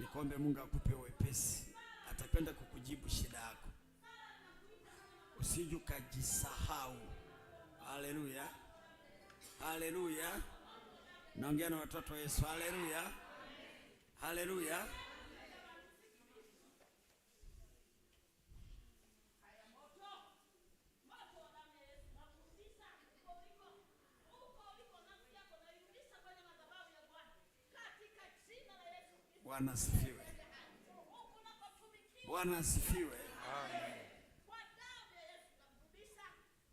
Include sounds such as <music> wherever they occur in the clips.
Nikombe Mungu akupe wepesi, atapenda kukujibu shida yako, usije ukajisahau. Haleluya, haleluya! Naongea na watoto wa Yesu. Haleluya, haleluya! Bwana asifiwe. Bwana asifiwe. Amen.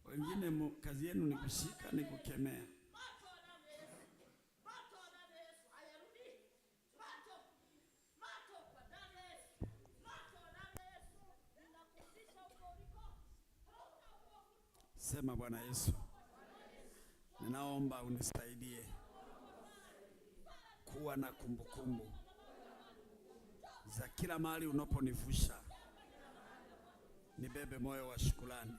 Wengine kazi yenu ni kushika, ni kukemea. Sema Bwana Yesu, ninaomba unisaidie kuwa na kumbukumbu kumbu za kila mahali unaponivusha, nibebe moyo wa shukrani.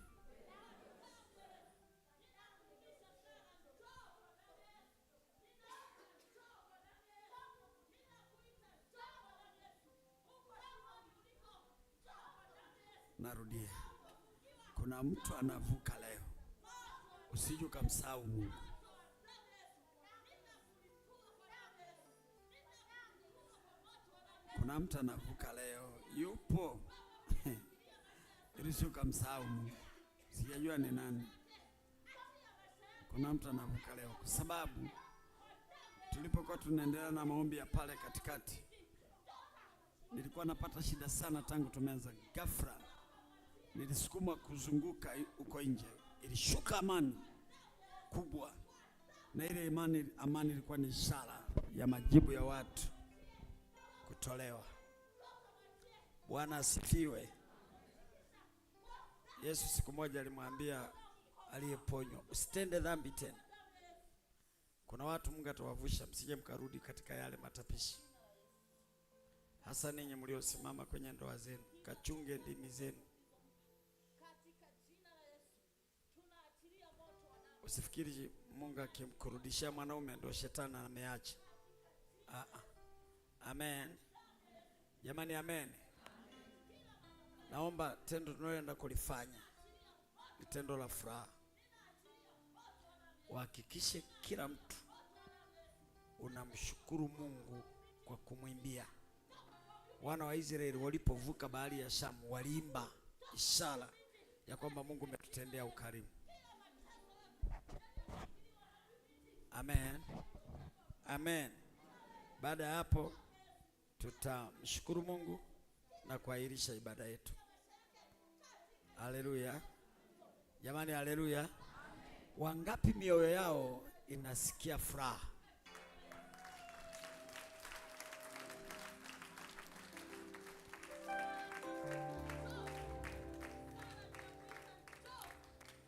Narudia, kuna mtu anavuka leo, usije ukamsahau Mungu. Kuna mtu anavuka leo, yupo <laughs> ilishuka msaumu, sijajua ni nani. Kuna mtu anavuka leo, kwa sababu tulipokuwa tunaendelea na maombi ya pale katikati, nilikuwa napata shida sana tangu tumeanza. Ghafla nilisukumwa kuzunguka huko nje, ilishuka amani kubwa, na ile imani amani ilikuwa ni ishara ya majibu ya watu kutolewa. Bwana asifiwe. Yesu siku moja alimwambia aliyeponywa, usitende dhambi tena. Kuna watu Mungu atawavusha, msije mkarudi katika yale matapishi, hasa ninyi mliosimama kwenye ndoa zenu, kachunge ndimi zenu. Usifikiri Mungu akimkurudishia mwanaume ndio shetani ameacha. Ah, ah. Amen. Jamani, amen. Naomba tendo tunaloenda kulifanya ni tendo la furaha. Wahakikishe kila mtu unamshukuru Mungu kwa kumwimbia. Wana wa Israeli walipovuka bahari ya Shamu waliimba ishara ya kwamba Mungu umetutendea ukarimu. Amen, amen. Baada ya hapo Tutamshukuru Mungu na kuahirisha ibada yetu. Haleluya jamani, haleluya! Wangapi mioyo yao inasikia furaha?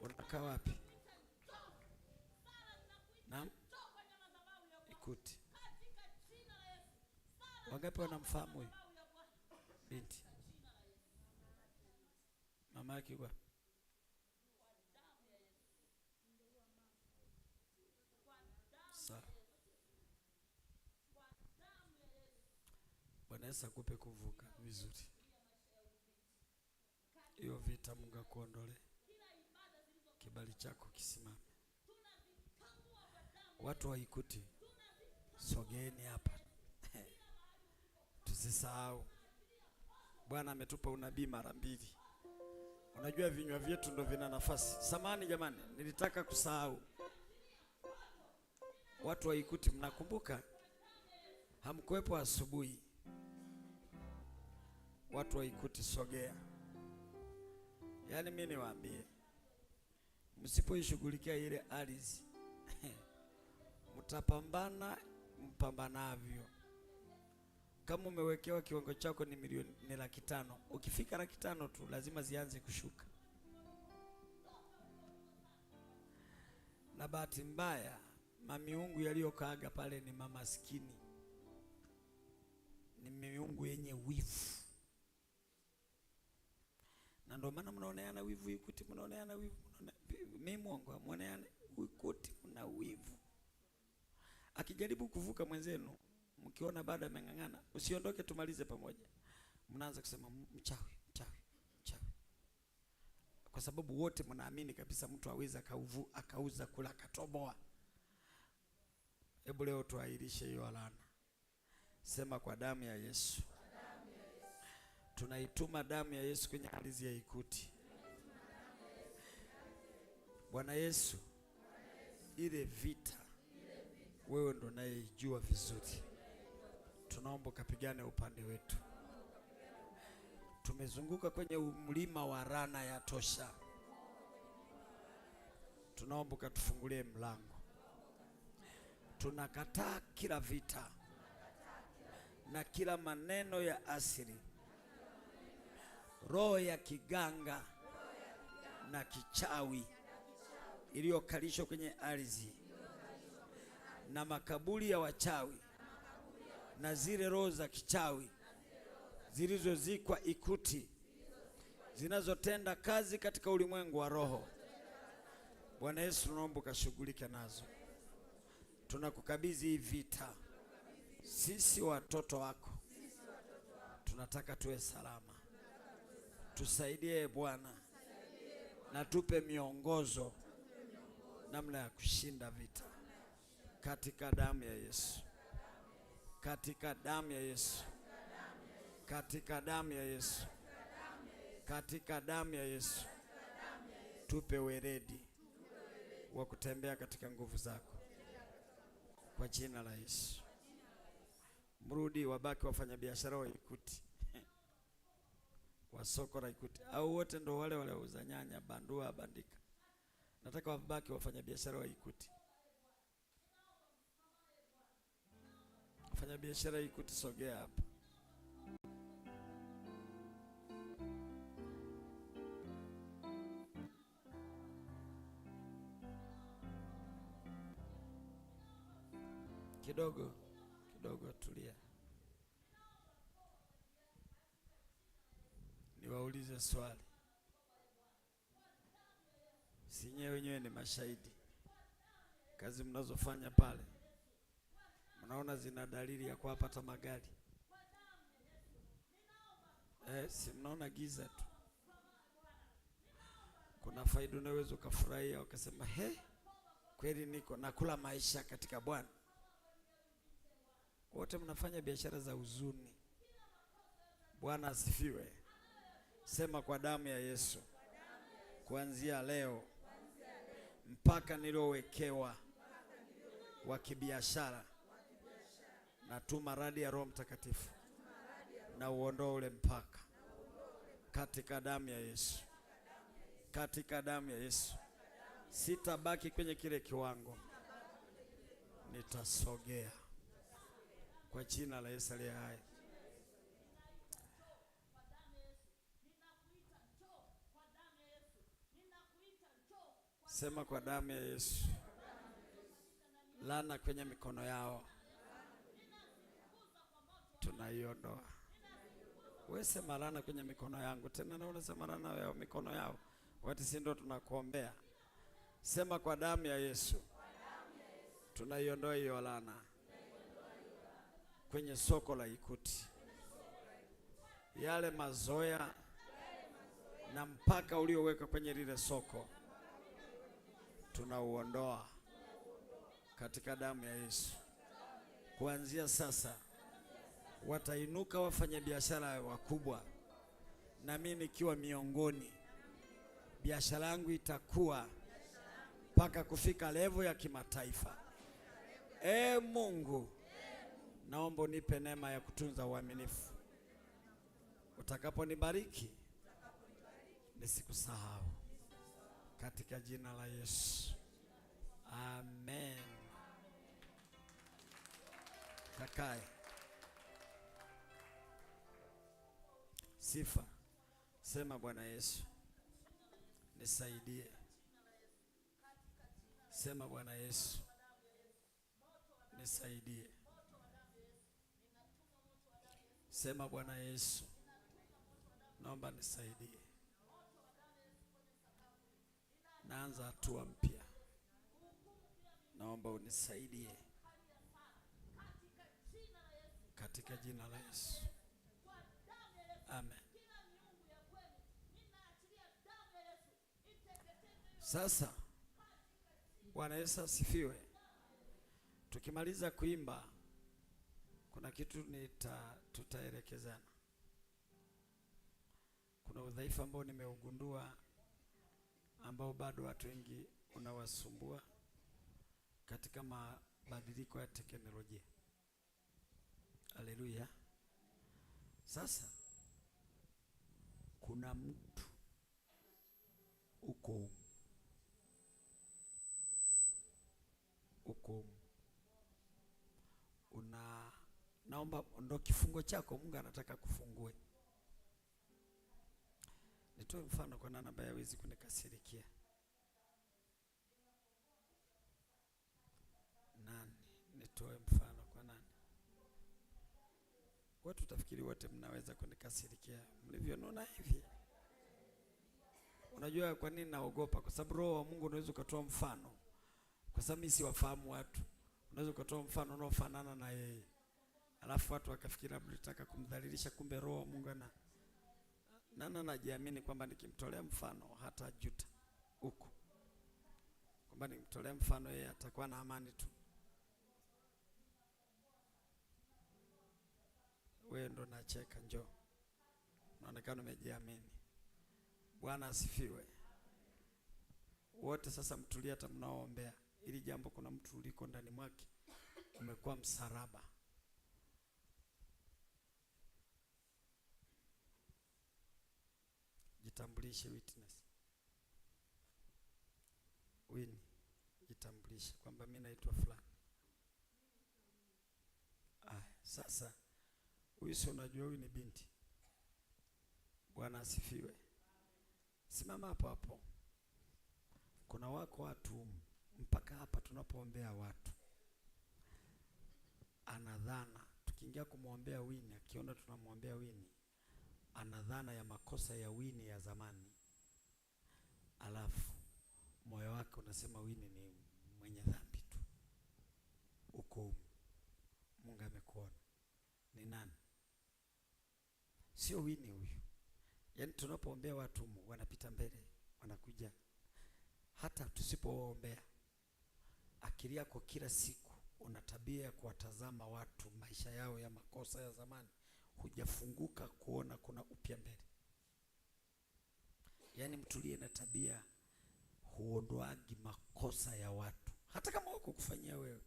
Unakaa wapi? Naam, ikuti Wangapi wanamfahamu huyu binti? Mama yake kwa sawa. Bwana Yesu akupe kuvuka vizuri hiyo vita. Mungu akuondole, kibali chako kisimame. Watu waikuti, sogeeni hapa. Usisahau Bwana ametupa unabii mara mbili. Unajua vinywa vyetu ndo vina nafasi. Samani jamani, nilitaka kusahau. Watu wa Ikuti, mnakumbuka hamkuwepo asubuhi. Watu wa Ikuti, sogea. Yaani mimi niwaambie, msipoishughulikia ile ardhi <laughs> mtapambana mpambanavyo kama umewekewa kiwango chako ni milioni ni laki tano, ukifika laki tano tu lazima zianze kushuka. Na bahati mbaya mamiungu yaliyokaaga pale ni mamaskini, ni miungu yenye wivu, na ndio maana mnaoneana wivu ikuti, mnaoneana wivu, mimi mwongo, mnaoneana ikuti, mna wivu. Akijaribu kuvuka mwenzenu mkiona bado ameng'ang'ana, usiondoke, tumalize pamoja. Mnaanza kusema mchawi, mchawi, mchawi, kwa sababu wote mnaamini kabisa mtu aweza akauvu akauza kula akatoboa. Hebu leo tuahirishe hiyo laana, sema kwa damu ya Yesu, tunaituma damu ya Yesu kwenye ardhi ya Ikuti. Bwana Yesu, ile vita wewe ndo unayejua vizuri tunaomba ukapigane upande wetu. Tumezunguka kwenye mlima wa rana ya tosha, tunaomba ukatufungulie mlango. Tunakataa kila vita na kila maneno ya asili, roho ya kiganga na kichawi iliyokalishwa kwenye ardhi na makaburi ya wachawi na zile roho za kichawi zilizozikwa ikuti zinazotenda kazi katika ulimwengu wa roho. Bwana Yesu, tunaomba ukashughulike nazo. Tunakukabidhi hii vita, sisi watoto wako tunataka tuwe salama. Tusaidie Bwana na tupe miongozo namna ya kushinda vita katika damu ya Yesu katika damu ya Yesu, katika damu ya Yesu, katika damu ya Yesu. Tupe weredi wa kutembea katika nguvu zako kwa jina la Yesu. Mrudi wabaki biashara wa Ikuti <laughs> wa soko la Ikuti, au wote ndo wale wale wauza nyanya bandua bandika. Nataka wabaki biashara wa Ikuti. mfanyabiashara kutusogea hapa. Kidogo kidogo, tulia, niwaulize swali. Sinyewe wenyewe ni mashahidi, kazi mnazofanya pale mnaona zina dalili ya kuwapata magari eh, si mnaona giza tu. Kuna faida unaweza ukafurahia ukasema, he, kweli niko nakula maisha katika Bwana. Wote mnafanya biashara za huzuni. Bwana asifiwe. Sema kwa damu ya Yesu, kuanzia leo mpaka niliowekewa wa kibiashara Natuma radi ya Roho Mtakatifu na uondoe ule mpaka katika damu ya Yesu, katika damu ya Yesu. Sitabaki kwenye kile kiwango, nitasogea kwa jina la Yesu aliye hai. Sema kwa damu ya Yesu, lana kwenye mikono yao tunaiondoa. Wewe sema kwenye mikono yangu tena, na unasema laana ya mikono yao, wakati si ndio tunakuombea. Sema kwa damu ya Yesu tunaiondoa hiyo laana kwenye soko la Ikuti, yale mazoya na mpaka ulioweka kwenye lile soko tunauondoa katika damu ya Yesu kuanzia sasa watainuka wafanyabiashara wakubwa, na mimi nikiwa miongoni. Biashara yangu itakuwa mpaka kufika levo ya kimataifa. E Mungu, naomba unipe neema ya kutunza uaminifu. Utakaponibariki nisikusahau, katika jina la Yesu, amen. Takae. sifa. Sema Bwana Yesu nisaidie. Sema Bwana Yesu nisaidie. Sema Bwana Yesu naomba nisaidie. Naanza hatua mpya, naomba unisaidie katika jina la Yesu. Amen. Sasa Bwana Yesu asifiwe. Tukimaliza kuimba kuna kitu nita tutaelekezana. Kuna udhaifu ambao nimeugundua ambao bado watu wengi unawasumbua katika mabadiliko ya teknolojia. Haleluya. Sasa kuna mtu uko naomba ndo kifungo chako Mungu anataka kufungue. Nitoe mfano kwa nani ambaye hawezi kunikasirikia. Nani? Nitoe mfano kwa nani? Watu tafikiri wote mnaweza kunikasirikia mlivyonona hivi. Unajua kwa nini naogopa? Kwa sababu Roho wa Mungu unaweza ukatoa mfano, kwa sababu mimi siwafahamu watu. Unaweza ukatoa mfano unaofanana na yeye alafu watu wakafikiria mlitaka kumdhalilisha, kumbe roho wa Mungu na nana najiamini kwamba nikimtolea mfano hata juta huko, kwamba nikimtolea mfano yeye atakuwa na amani tu. Wewe ndo nacheka, njoo, unaonekana umejiamini. Bwana asifiwe. Wote sasa mtulie, hata mnaoombea ili jambo, kuna mtu uliko ndani mwake umekuwa msalaba. Itambulishe witness. Wini, itambulishe kwamba mimi naitwa fulani. Ah, sasa huyu si unajua huyu ni binti. Bwana asifiwe. Simama hapo hapo. Kuna wako watu mpaka hapa tunapoombea watu anadhana, tukiingia kumwombea Wini, akiona tunamwombea Wini ana dhana ya makosa ya wini ya zamani, alafu moyo wake unasema wini ni mwenye dhambi tu. Uko Mungu amekuona. Ni nani? Sio wini huyu. Yaani tunapoombea watu wanapita mbele, wanakuja. Hata tusipowaombea, akili yako kila siku una tabia ya kuwatazama watu maisha yao ya makosa ya zamani hujafunguka kuona kuna upya mbele. Yaani mtulie na tabia huondoagi makosa ya watu, hata kama wako kufanyia wewe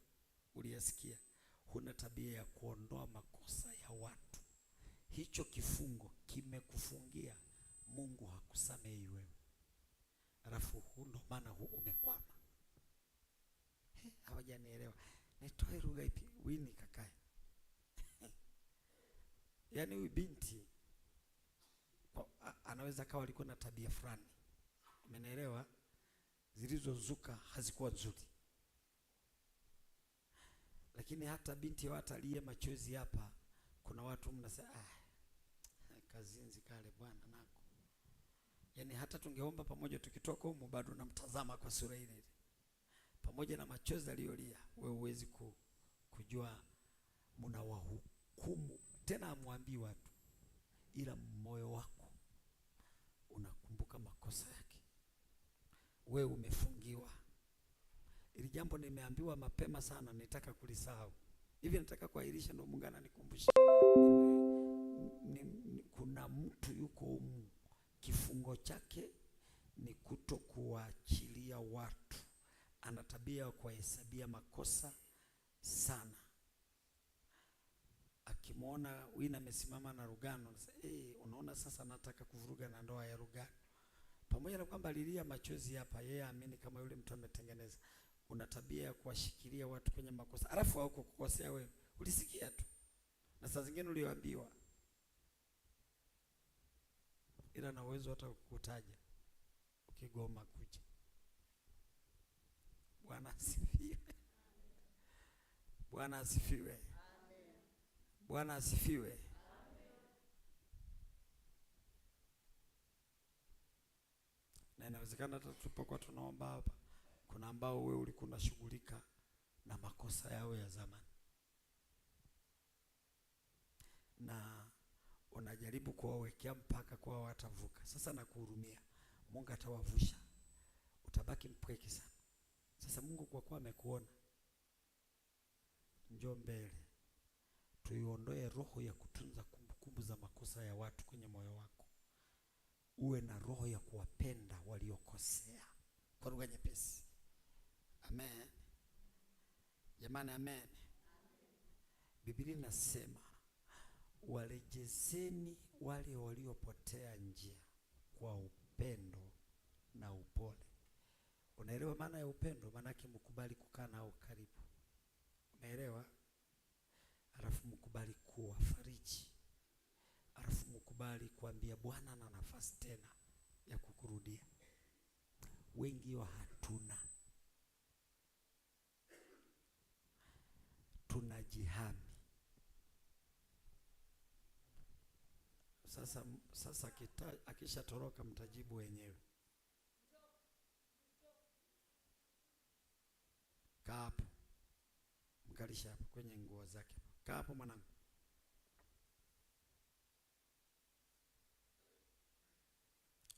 uliyasikia, huna tabia ya kuondoa makosa ya watu. Hicho kifungo kimekufungia, Mungu hakusamehi wewe, alafu huu ndo maana huu umekwama. Hawajanielewa, nitoe lugha ipi? Wini kakae Yaani huyu binti anaweza kawa alikuwa na tabia fulani, umenielewa, zilizozuka hazikuwa nzuri, lakini hata binti watalie machozi hapa, kuna watu mnasema ah, kazinzi kale bwana nako. Yaani hata tungeomba pamoja, tukitoka humu bado namtazama kwa sura ile ile, pamoja na machozi aliyolia. Wewe huwezi kujua mnawahukumu tena amwambii watu, ila moyo wako unakumbuka makosa yake. Wewe umefungiwa. Ili jambo nimeambiwa mapema sana, nitaka kulisahau hivi, nataka kuahirisha, ndio Mungu ananikumbusha. Kuna mtu yuko humu, kifungo chake ni kuto kuwaachilia watu, ana tabia ya kuwahesabia makosa sana akimwona Wina amesimama na Rugano nasema, hey, eh, unaona sasa nataka kuvuruga na ndoa ya Rugano. Pamoja na kwamba alilia machozi hapa, yeye aamini kama yule mtu ametengeneza. Una tabia ya kuwashikilia watu kwenye makosa, alafu hauko kukosea wewe, ulisikia tu na saa zingine uliambiwa, ila na uwezo hata kukutaja ukigoma kuja. Bwana asifiwe. Bwana asifiwe. Bwana asifiwe. Na inawezekana hata tulipokuwa tunaomba hapa, kuna ambao wewe ulikuwa unashughulika na makosa yao ya zamani na unajaribu kuwawekea mpaka kwa watavuka. Sasa nakuhurumia, Mungu atawavusha, utabaki mpweke sana. Sasa Mungu kwa kuwa amekuona, njoo mbele tuiondoe roho ya kutunza kumbukumbu za makosa ya watu kwenye moyo wako, uwe na roho ya kuwapenda waliokosea, kwa lugha nyepesi. Amen jamani, amen. Biblia inasema warejezeni wale waliopotea njia kwa upendo na upole. Unaelewa maana ya upendo? Maanake mkubali kukaa nao karibu. Unaelewa? alafu mkubali kuwafariji, alafu mkubali kuambia Bwana na nafasi tena ya kukurudia. Wengi wa hatuna, tunajihami Sasa, sasa akishatoroka mtajibu wenyewe, kaa hapo, mkalisha hapo kwenye nguo zake. Kaa hapo mwanangu.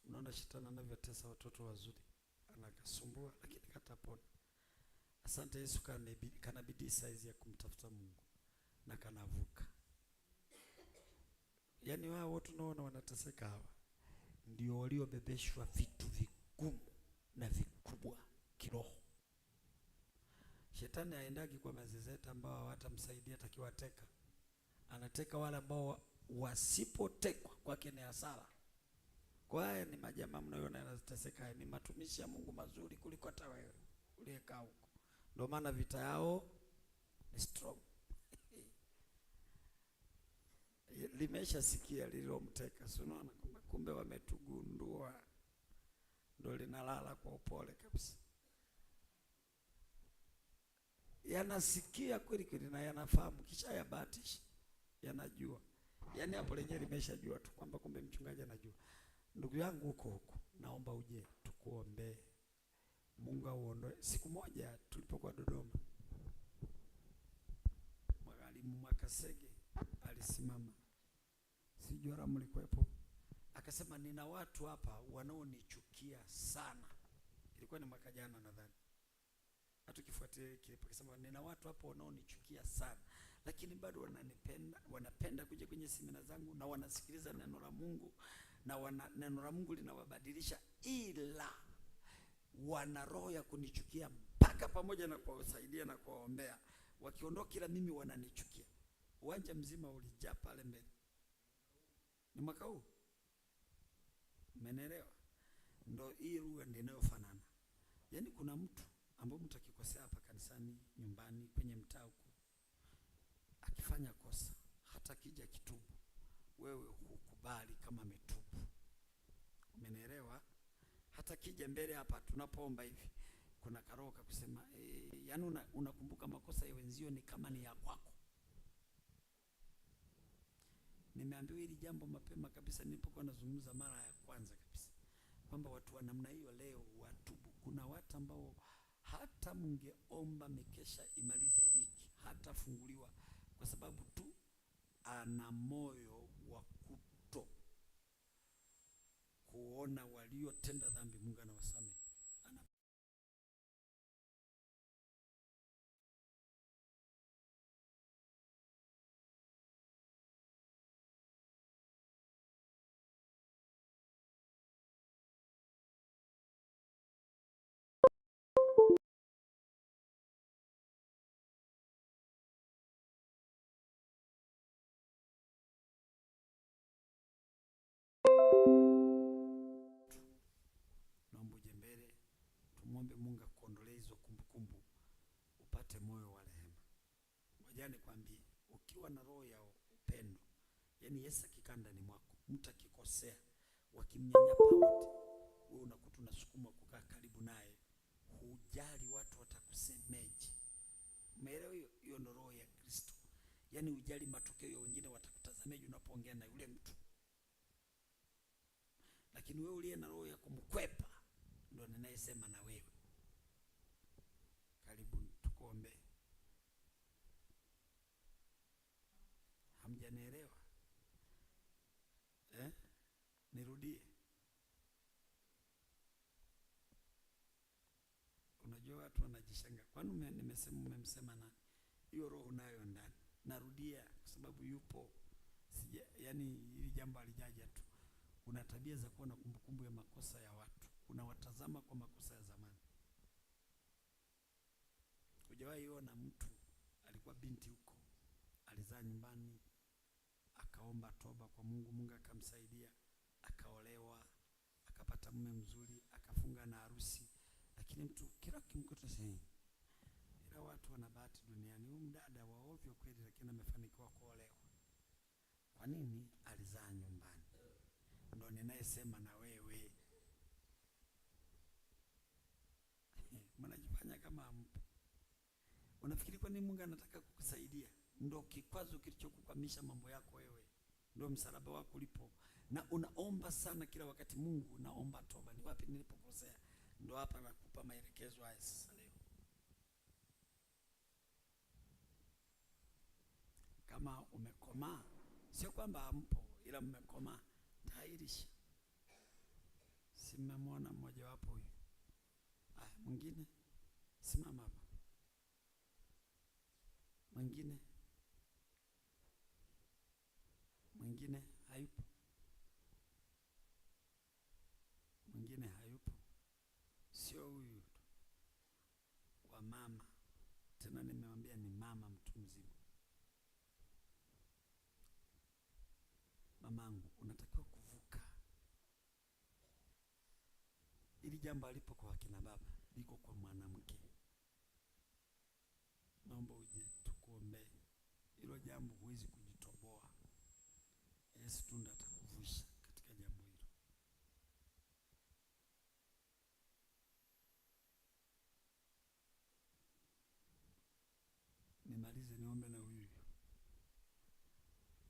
Unaona shetani anavyotesa watoto wazuri, anakasumbua lakini katapona. Asante Yesu, kana bidii saizi ya kumtafuta Mungu na kanavuka. Yaani wao wote unaona wanateseka hawa, ndio waliobebeshwa vitu vigumu na vikubwa kiroho. Shetani aendagi kwa mazezeta ambao hawatamsaidia takiwateka anateka wale ambao wasipotekwa kwake ni hasara. Kwa haya ni majamaa mnayoona yanateseka ni matumishi ya Mungu mazuri kuliko hata wewe uliyekaa huko. Ndio maana vita yao ni strong. <laughs> Limeshasikia lililomteka, si unaona kumbe wametugundua, ndio linalala kwa upole kabisa yanasikia kweli kweli na yanafahamu, kisha yabahatisha, yanajua. yani hapo lenyewe limeshajua tu kwamba kumbe mchungaji anajua. Ndugu yangu huko huko, naomba uje tukuombee, Mungu auondoe. Siku moja tulipokuwa Dodoma, mwalimu Makasege alisimama, sijora, mlikuwepo, akasema nina watu hapa wanaonichukia sana. Ilikuwa ni mwaka jana nadhani hatukifuatilia tukifuatia kile pakisema, nina watu hapo wanaonichukia sana, lakini bado wananipenda, wanapenda kuja kwenye semina zangu na wanasikiliza neno la Mungu na wana, neno la Mungu linawabadilisha, ila wana roho ya kunichukia mpaka pamoja na kuwasaidia na kuwaombea, wakiondoka, kila mimi wananichukia. Uwanja mzima ulijaa pale mbele. Ni mwaka huu, mmenielewa? Ndio hii lugha ndio inayofanana, yaani kuna mtu ambaye mtu akikosea hapa kanisani, nyumbani, kwenye mtaa huko, akifanya kosa hata kija kitubu, wewe hukubali kama ametubu. Umenielewa? Hata kija mbele hapa tunapoomba hivi, kuna karoho kusema e, yaani una, unakumbuka makosa ya wenzio ni kama ni ya kwako. Nimeambiwa hili jambo mapema kabisa nilipokuwa nazungumza mara ya kwanza kabisa kwamba watu wa namna hiyo leo watubu. Kuna watu ambao hata mngeomba mikesha imalize wiki hatafunguliwa kwa sababu tu ana moyo wa kuto kuona waliotenda dhambi Mungu anawasamehe. Nataka nikwambie ukiwa na roho ya upendo, yani Yesu akikaa ndani mwako, mtu akikosea, wakimnyanyapa wote, wewe unakuta unasukuma kukaa karibu naye, hujali watu watakusemeje. Umeelewa? Hiyo hiyo ndio roho ya Kristo, yani hujali matokeo ya wengine watakutazameje unapoongea na yule mtu. Lakini wewe uliye na roho ya kumkwepa, ndio ninayesema na usirudie. Unajua watu wanajishanga, kwani nimesema umemsema nani? Hiyo roho nayo ndani. Narudia kwa sababu yupo sija, yani hili jambo alijaja tu. Una tabia za kuwa na kumbukumbu ya makosa ya watu, unawatazama kwa makosa ya zamani. Hujawahi ona mtu alikuwa binti huko, alizaa nyumbani, akaomba toba kwa Mungu, Mungu akamsaidia akaolewa akapata mume mzuri akafunga na harusi, lakini mtu kila kimkuta sasa. watu wana bahati duniani, huyu mdada wa ovyo kweli, lakini amefanikiwa kuolewa. Kwa nini? Alizaa nyumbani. Ndo ninayesema na wewe <laughs> mnajifanya kama mpo. Unafikiri kwa nini Mungu anataka kukusaidia? Ndo kikwazo kilichokukwamisha mambo yako wewe, ndo msalaba wako ulipo na unaomba sana kila wakati, Mungu naomba toba, ni wapi nilipokosea? Ndo hapa nakupa maelekezo haya sasa leo. Kama umekomaa, sio kwamba hampo, ila mmekomaa, tairisha Si mmemwona mmoja wapo huyu? Aya, mwingine simama hapa, mwingine jambo alipo kwa akina baba liko kwa mwanamke. Naomba uje tukuombee hilo jambo, huwezi kujitoboa. Yesu tu ndiye atakuvusha katika jambo hilo. Nimalize niombe na huyu,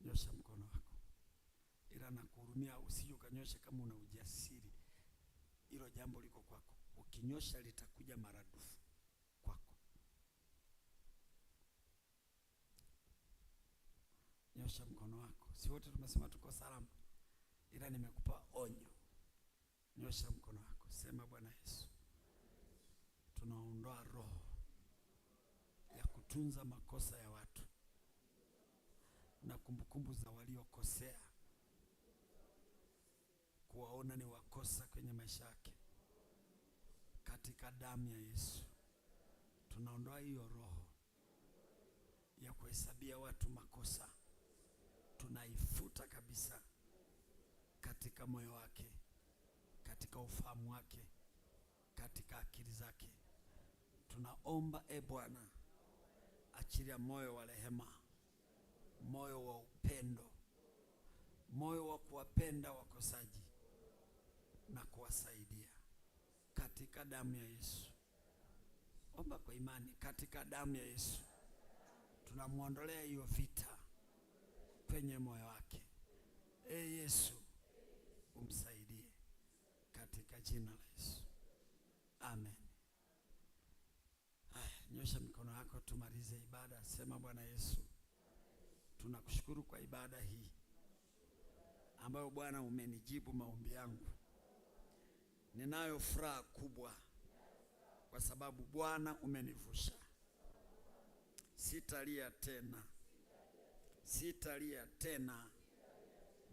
nyosha mkono wako, ila nakuhurumia, usije ukanyosha kama una ujasiri hilo jambo liko kwako, ukinyosha litakuja maradufu kwako. Nyosha mkono wako, si wote tumesema tuko salama, ila nimekupa onyo. Nyosha mkono wako, sema Bwana Yesu, tunaondoa roho ya kutunza makosa ya watu na kumbukumbu za waliokosea kuwaona ni wakosa kwenye maisha yake. Katika damu ya Yesu tunaondoa hiyo roho ya kuhesabia watu makosa, tunaifuta kabisa katika moyo wake, katika ufahamu wake, katika akili zake. Tunaomba e Bwana, achilia moyo wa rehema, moyo wa upendo, moyo wa kuwapenda wakosaji na kuwasaidia katika damu ya Yesu. Omba kwa imani katika damu ya Yesu. Tunamwondolea hiyo vita kwenye moyo wake. E Yesu, umsaidie katika jina la Yesu, amen. aya nyosha mikono yako tumalize ibada. Sema, Bwana Yesu, tunakushukuru kwa ibada hii ambayo Bwana umenijibu maombi yangu Ninayo furaha kubwa kwa sababu Bwana umenivusha. Sitalia tena, sitalia tena,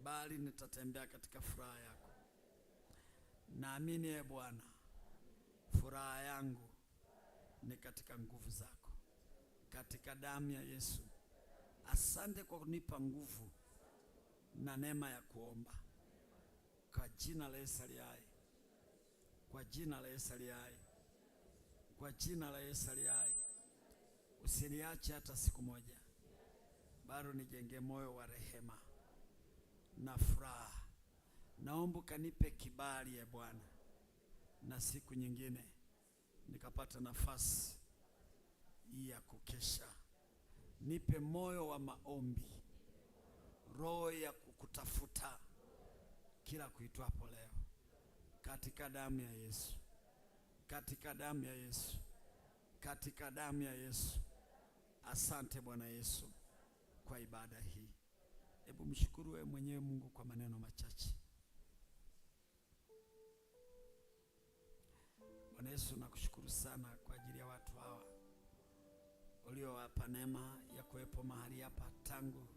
bali nitatembea katika furaha yako. Naamini ye ee Bwana, furaha yangu ni katika nguvu zako, katika damu ya Yesu. Asante kwa kunipa nguvu na neema ya kuomba kwa jina la Yesu aliye hai kwa jina la Yesu aliye hai, kwa jina la Yesu aliye hai. Usiniache hata siku moja, bado nijenge moyo wa rehema na furaha. Naomba kanipe kibali ya ee Bwana, na siku nyingine nikapata nafasi ya kukesha. Nipe moyo wa maombi, roho ya kukutafuta kila kuitwapo leo katika damu ya Yesu, katika damu ya Yesu, katika damu ya Yesu. Asante Bwana Yesu kwa ibada hii. Hebu mshukuru wewe mwenyewe Mungu kwa maneno machache. Bwana Yesu, nakushukuru sana kwa ajili ya watu hawa uliowapa neema ya kuwepo mahali hapa tangu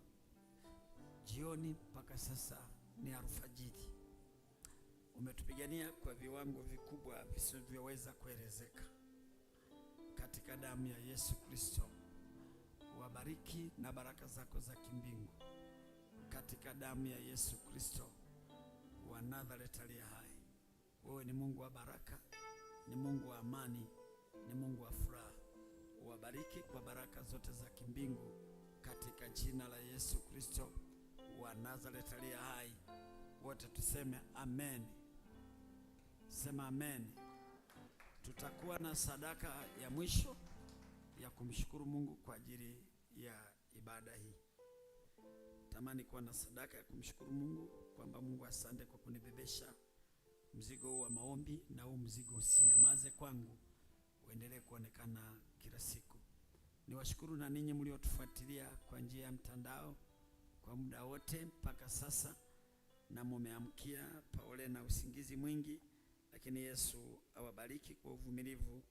jioni mpaka sasa ni alfajiri umetupigania kwa viwango vikubwa visivyoweza kuelezeka. Katika damu ya Yesu Kristo, wabariki na baraka zako za kimbingu. Katika damu ya Yesu Kristo wa Nazareti aliye hai, wewe ni Mungu wa baraka, ni Mungu wa amani, ni Mungu wa furaha. Wabariki kwa baraka zote za kimbingu katika jina la Yesu Kristo wa Nazareti aliye hai. Wote tuseme amen. Sema amen. Tutakuwa na sadaka ya mwisho ya kumshukuru Mungu kwa ajili ya ibada hii. Tamani kuwa na sadaka ya kumshukuru Mungu kwamba Mungu, asante kwa kunibebesha mzigo huu wa maombi, na huu mzigo usinyamaze kwangu, uendelee kuonekana kila siku. Niwashukuru na ninyi mliotufuatilia kwa njia ya mtandao kwa muda wote mpaka sasa, na mumeamkia paole na usingizi mwingi lakini Yesu awabariki kwa uvumilivu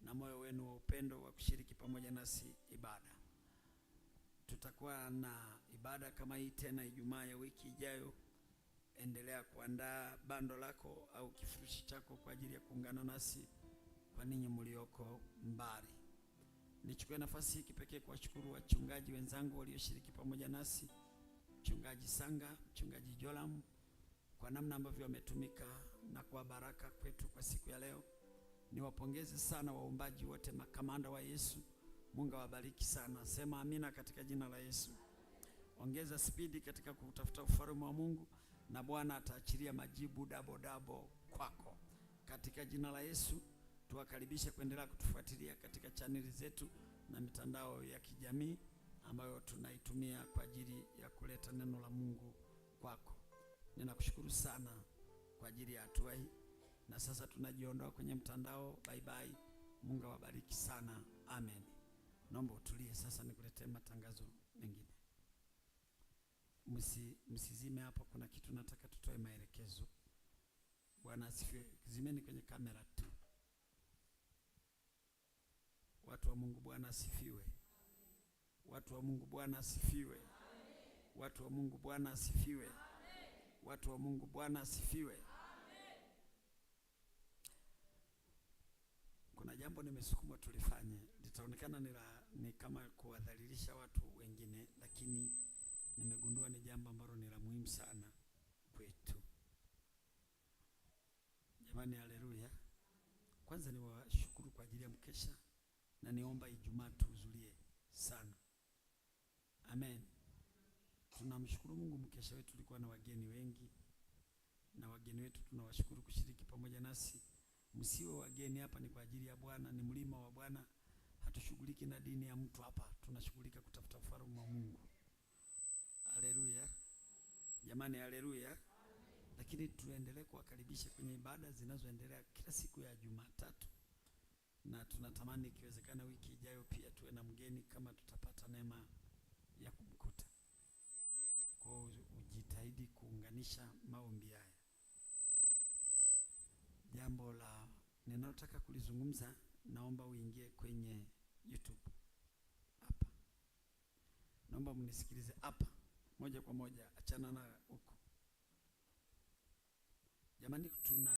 na moyo wenu wa upendo wa kushiriki pamoja nasi ibada. Tutakuwa na ibada kama hii tena Ijumaa ya wiki ijayo. Endelea kuandaa bando lako au kifurushi chako kwa ajili ya kuungana nasi, kwa ninyi mlioko mbali. Nichukue nafasi hii kipekee kuwashukuru wachungaji wenzangu walioshiriki pamoja nasi, mchungaji Sanga, mchungaji Jolam, kwa namna ambavyo wametumika na kwa baraka kwetu kwa siku ya leo. Niwapongeze sana waumbaji wote, makamanda wa Yesu. Mungu awabariki sana. Sema amina katika jina la Yesu. Ongeza spidi katika kutafuta ufalme wa Mungu na Bwana ataachilia majibu dabo dabo kwako katika jina la Yesu. Tuwakaribishe kuendelea kutufuatilia katika chaneli zetu na mitandao ya kijamii ambayo tunaitumia kwa ajili ya kuleta neno la Mungu kwako. Ninakushukuru sana kwa ajili ya hatua hii, na sasa tunajiondoa kwenye mtandao. Bye bye, Mungu awabariki sana, amen. Naomba utulie sasa, nikuletee matangazo mengine. Msi, msizime hapo, kuna kitu nataka tutoe maelekezo. Bwana asifiwe. Zimeni kwenye kamera tu, watu wa Mungu. Bwana asifiwe, watu wa Mungu. Bwana asifiwe, watu wa Mungu. Bwana asifiwe, watu wa Mungu. Bwana asifiwe. kuna jambo nimesukuma tulifanye, litaonekana ni, ni kama kuwadhalilisha watu wengine, lakini nimegundua ni jambo ambalo ni la muhimu sana kwetu. Jamani, haleluya! Kwanza niwashukuru kwa ajili ya mkesha na niomba Ijumaa tuhudhurie sana. Amen. Tunamshukuru Mungu, mkesha wetu ulikuwa na wageni wengi, na wageni wetu tunawashukuru kushiriki pamoja nasi msiwe wageni hapa, ni kwa ajili ya Bwana, ni mlima wa Bwana. Hatushughuliki na dini ya mtu hapa, tunashughulika kutafuta ufalme wa Mungu. Haleluya jamani, haleluya. Lakini tuendelee kuwakaribisha kwenye ibada zinazoendelea kila siku ya Jumatatu, na tunatamani ikiwezekana wiki ijayo pia tuwe na mgeni kama tutapata neema ya kumkuta. Kwa hiyo ujitahidi kuunganisha maombi haya. Jambo la ninaotaka kulizungumza, naomba uingie kwenye YouTube hapa, naomba mnisikilize hapa moja kwa moja, achana na huko jamani, tuna